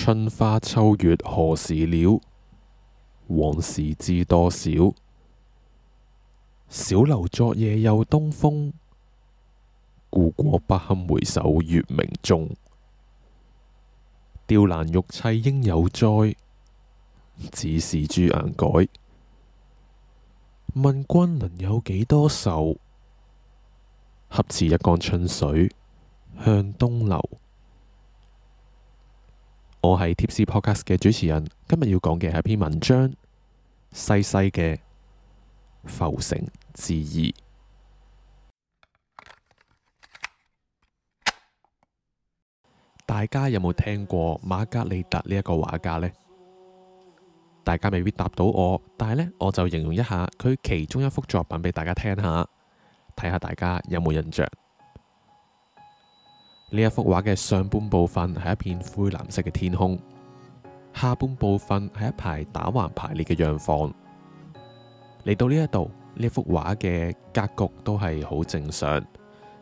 春花秋月何時了？往事知多少。小樓昨夜又東風，故國不堪回首月明中。雕欄玉砌應猶在，只是朱顏改。問君能有幾多愁？恰似一江春水向東流。我係 Tipsy Podcast 嘅主持人，今日要講嘅係一篇文章《西西嘅浮城誌異》。大家有冇聽過馬格利特呢一個畫家呢？大家未必答到我，但係呢，我就形容一下佢其中一幅作品俾大家聽下，睇下大家有冇印象。呢一幅畫嘅上半部分係一片灰藍色嘅天空，下半部分係一排打橫排列嘅洋房。嚟到呢一度，呢幅畫嘅格局都係好正常，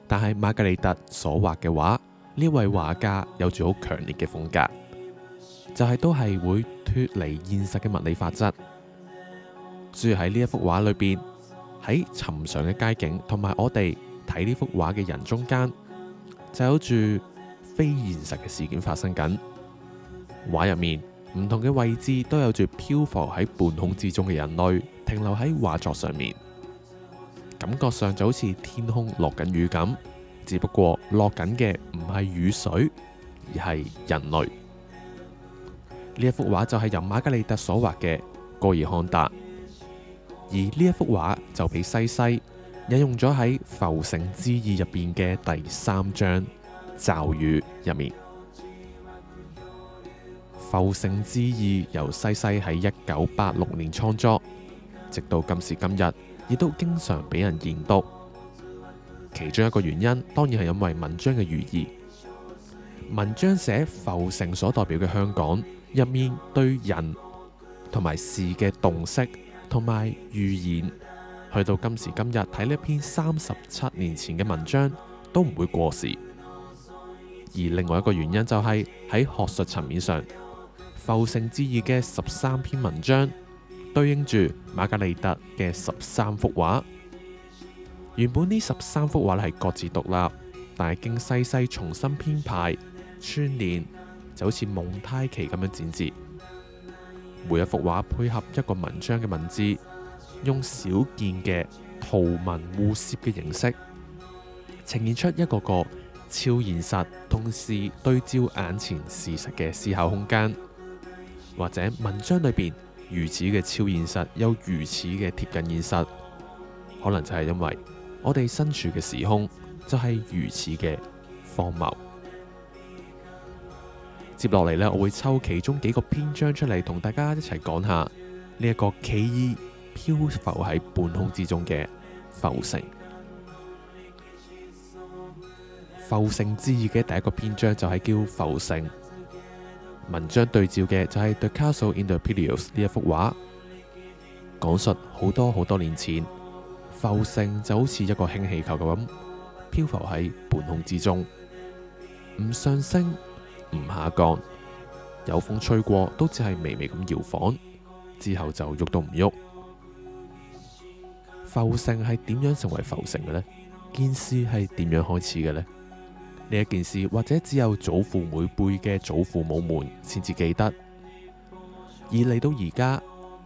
但係馬格利特所畫嘅畫，呢位畫家有住好強烈嘅風格，就係、是、都係會脫離現實嘅物理法則。住喺呢一幅畫裏邊，喺尋常嘅街景同埋我哋睇呢幅畫嘅人中間。就有住非現實嘅事件發生緊。畫入面唔同嘅位置都有住漂浮喺半空之中嘅人類，停留喺畫作上面，感覺上就好似天空落緊雨咁，只不過落緊嘅唔係雨水，而係人類。呢一幅畫就係由馬格利特所畫嘅《戈爾康達》，而呢一幅畫就俾西西。引用咗喺《浮城誌異》入邊嘅第三章咒語入面，《浮城誌異》由西西喺一九八六年創作，直到今時今日，亦都經常俾人研讀。其中一個原因，當然係因為文章嘅寓意。文章寫浮城所代表嘅香港，入面對人同埋事嘅洞悉同埋預言。去到今時今日睇呢篇三十七年前嘅文章都唔會過時，而另外一個原因就係喺學術層面上，《浮城誌異》嘅十三篇文章對應住馬格利特嘅十三幅畫。原本呢十三幅畫咧係各自獨立，但係經西西重新編排串連，就好似蒙太奇咁樣剪接，每一幅畫配合一個文章嘅文字，用少見嘅圖文互涉嘅形式，呈現出一個個超現實，同時對照眼前事實嘅思考空間。或者文章裏邊如此嘅超現實，又如此嘅貼近現實，可能就係因為我哋身處嘅時空就係、是、如此嘅荒謬。接落嚟咧，我會抽其中幾個篇章出嚟，同大家一齊講一下呢一個奇異。漂浮喺半空之中嘅浮城，浮城誌異嘅第一個篇章就係叫浮城。文章對照嘅就係、是《The Castle in the Pyrenees》呢一幅畫，講述好多好多年前，浮城就好似一個氫氣球咁，漂浮喺半空之中，唔上升，唔下降，有風吹過都只係微微咁搖晃，之後就喐都唔喐。浮城係點樣成為浮城嘅呢？件事係點樣開始嘅呢？呢一件事或者只有祖父母輩嘅祖父母們先至記得，而嚟到而家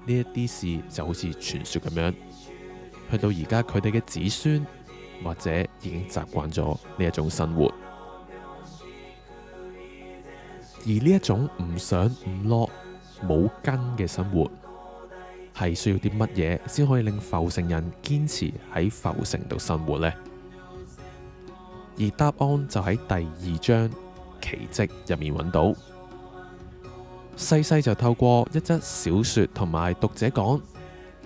呢一啲事就好似傳說咁樣，去到而家佢哋嘅子孫或者已經習慣咗呢一種生活，而呢一種唔上唔落冇根嘅生活。係需要啲乜嘢，先可以令浮城人堅持喺浮城度生活呢？而答案就喺第二章奇蹟入面揾到。西西就透過一則小說同埋讀者講，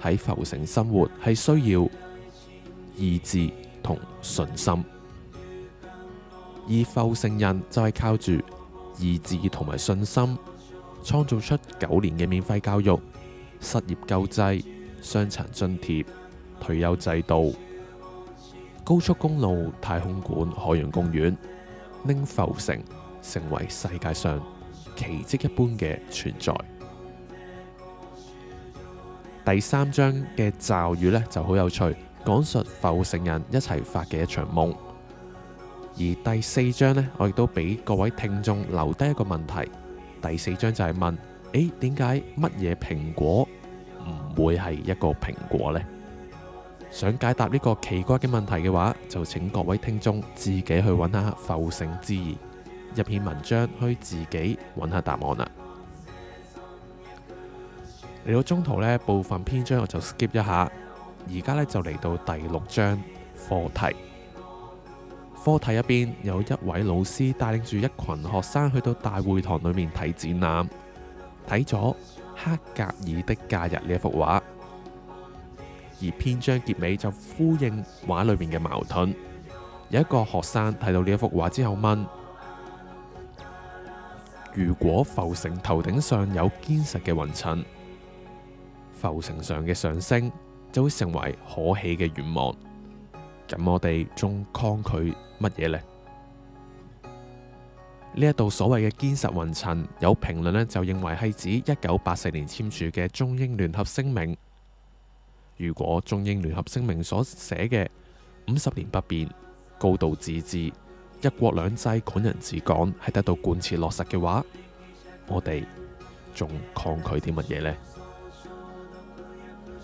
喺浮城生活係需要意志同信心，而浮城人就係靠住意志同埋信心，創造出九年嘅免費教育、失業救濟、傷殘津貼、退休制度、高速公路、太空館、海洋公園、拎浮城，成為世界上奇蹟一般嘅存在。第三章嘅咒語呢就好有趣，講述浮城人一齊發嘅一場夢。而第四章呢，我亦都俾各位聽眾留低一個問題。第四章就係問。誒，點解乜嘢蘋果唔會係一個蘋果呢？想解答呢個奇怪嘅問題嘅話，就請各位聽眾自己去揾下浮城誌異。一篇文章去自己揾下答案啦。嚟到中途呢部分篇章我就 skip 一下。而家呢，就嚟到第六章課題。課題入邊有一位老師帶領住一群學生去到大會堂裏面睇展覽。睇咗黑格爾的假日呢一幅畫，而篇章結尾就呼應畫裏面嘅矛盾。有一個學生睇到呢一幅畫之後問：「如果浮城頭頂上有堅實嘅雲層，浮城上嘅上升就會成為可喜嘅願望。咁我哋仲抗拒乜嘢呢？」呢一度所謂嘅堅實雲層，有評論咧就認為係指一九八四年簽署嘅中英聯合聲明。如果中英聯合聲明所寫嘅五十年不變、高度自治、一國兩制、港人治港係得到貫徹落實嘅話，我哋仲抗拒啲乜嘢呢？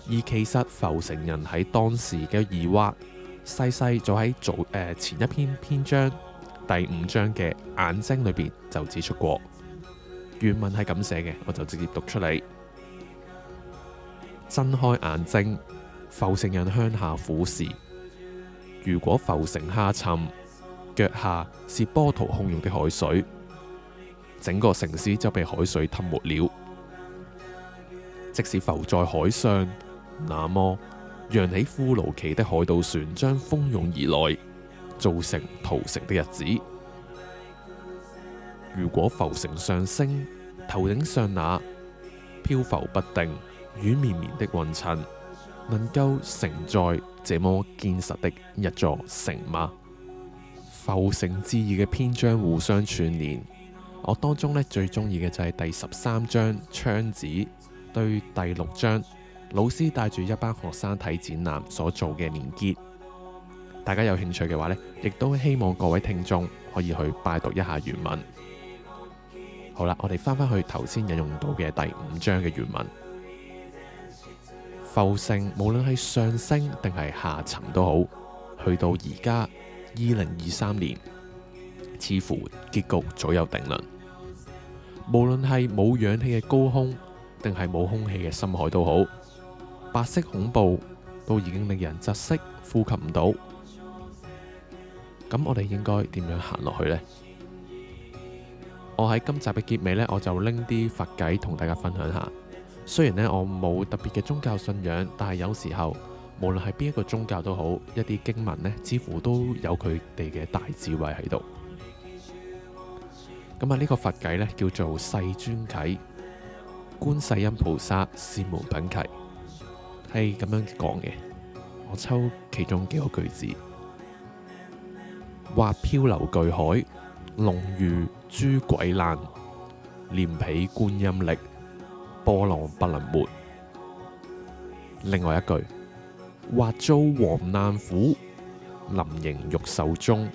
而其實浮城人喺當時嘅疑惑，西西就喺早誒前一篇篇章。第五章嘅眼睛裏邊就指出過，原文係咁寫嘅，我就直接讀出嚟。睜開眼睛，浮城人向下俯視。如果浮城下沉，腳下是波濤洶湧的海水，整個城市就被海水吞沒了。即使浮在海上，那麼揚起骷髏旗的海盜船將蜂擁而來。造成屠城的日子。如果浮城上升，頭頂上那漂浮不定、軟綿綿的雲層，能夠承載這麼堅實的一座城嗎？浮城誌異嘅篇章互相串聯，我當中呢最中意嘅就係第十三章窗子對第六章老師帶住一班學生睇展覽所做嘅連結。大家有興趣嘅話呢亦都希望各位聽眾可以去拜讀一下原文。好啦，我哋返返去頭先引用到嘅第五章嘅原文。浮城無論係上升定係下沉都好，去到而家二零二三年，似乎結局早有定論。無論係冇氧氣嘅高空，定係冇空氣嘅深海都好，白色恐怖都已經令人窒息，呼吸唔到。咁我哋應該點樣行落去呢？我喺今集嘅結尾呢，我就拎啲佛偈同大家分享一下。雖然呢，我冇特別嘅宗教信仰，但係有時候無論係邊一個宗教都好，一啲經文呢，似乎都有佢哋嘅大智慧喺度。咁啊，呢個佛偈呢，叫做《世尊偈觀世音菩薩普門品偈》，係咁樣講嘅。我抽其中幾個句子。或漂流巨海，龍魚諸鬼難，念彼觀音力，波浪不能沒。另外一句，或遭王難苦，臨刑欲壽終，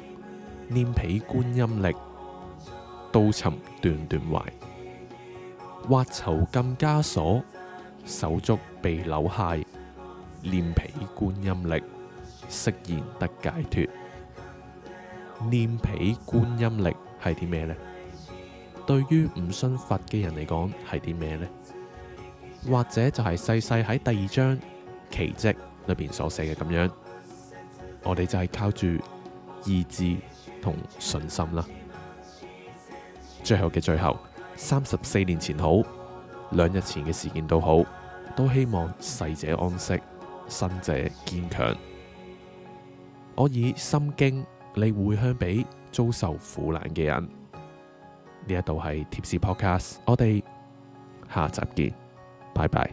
念彼觀音力，刀尋段段壞。或囚禁枷鎖，手足被鈕械，念彼觀音力，釋然得解脫。念彼觀音力係啲咩呢？對於唔信佛嘅人嚟講係啲咩呢？或者就係西西喺第二章奇蹟裏邊所寫嘅咁樣，我哋就係靠住意志同信心啦。最後嘅最後，三十四年前好，兩日前嘅事件都好，都希望逝者安息，生者堅強。我以心經。你迴向俾遭受苦難嘅人。呢一度係貼士 Podcast，我哋下集見，拜拜。